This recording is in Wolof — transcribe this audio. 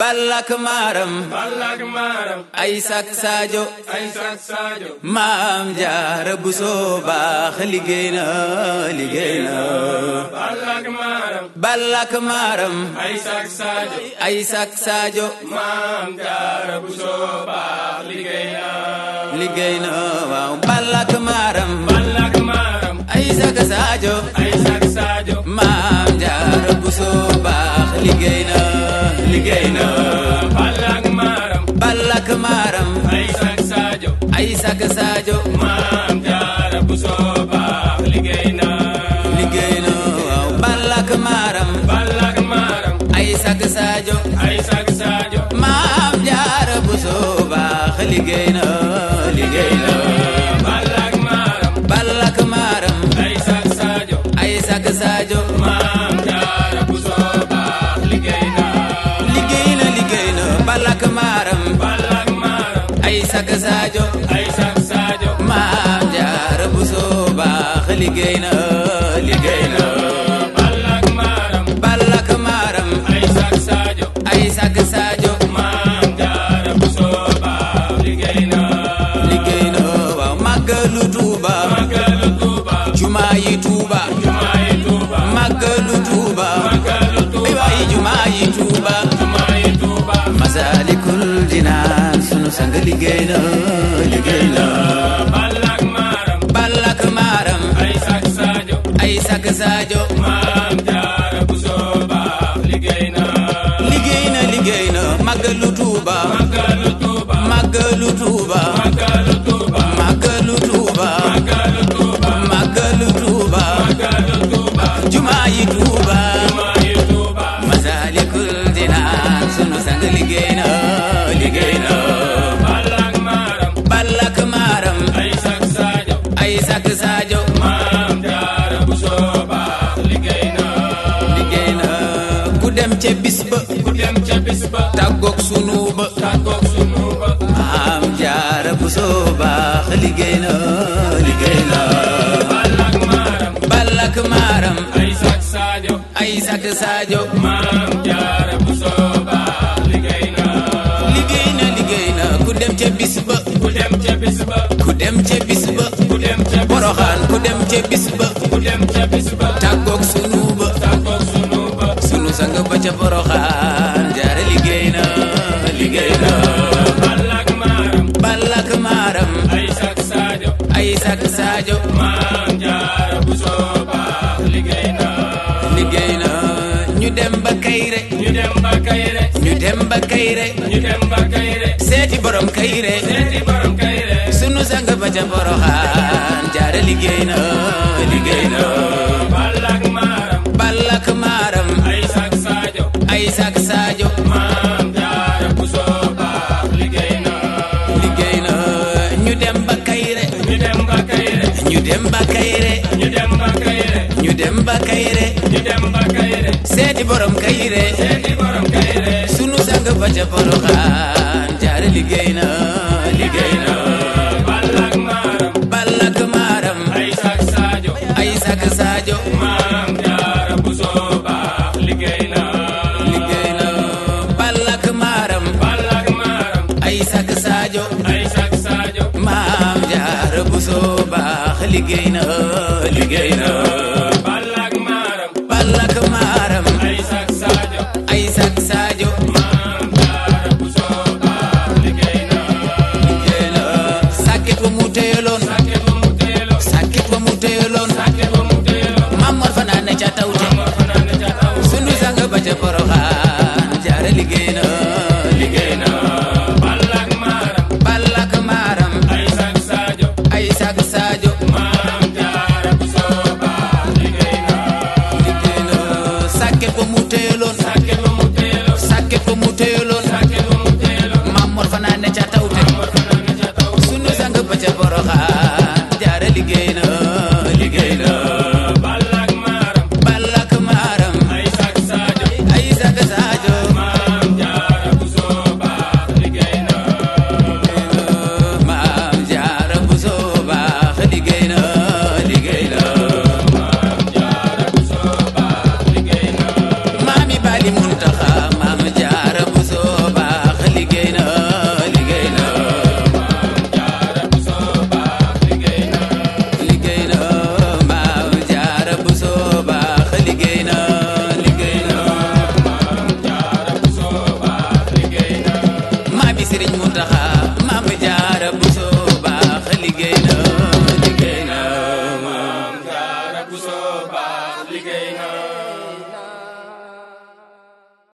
ballak maaram ballak maaram ay sak saajo ay maam jaara bu soo liggéey na liggéey na liggéey na Ballak Maram Ballak Maram ay sak Sadio ay sak Sadio maam jaara bu soo baax liggéey Maram Ballak Maram ay sak Sadio ay sak Sadio maam jaara bu soo baax nag Sadio ay sax Sadio maam jaara bu soo baax liggéey na liggéey na balak maaram balak maaram ay sax Sadio ay sax Sadio maam jaara bu soo baax liggéey na liggéey na waaw màggalu Tuuba màggalu Tuuba jumaa yi sunu sang liggéey na liggéey na ballak maaram ballak maaram ay sak saajo ay sak saajo maam jaara bu sooba liggéey na liggéey na liggéey na màggalu tuuba tuuba bu soo baax liggéey na liggéey na balak maaram balak maaram ay saajo ay saajo maam jaara bu soo liggéey na liggéey na liggéey na boroxaan ku dem ca bis ba sunu ak Sadio maam na ñu dem ba Kayre ñu dem ba Kayre ñu dem ba Kayre ñu dem ba Kayre sunu sang ba ca Poroxaan jaara liggéey na liggéey na Ballak Maram Ballak Maram ay sak Sadio ay sak Sadio maam dem ba kayre ñu dem ba kayre ñu dem ba kayre ñu dem ba kayre seeti borom kayre seeti borom kayre sunu sang ba ca poroxaan jaare liggéey na liggéey na liggéey na. Balla ak Maram Balla mutelo sáquenlo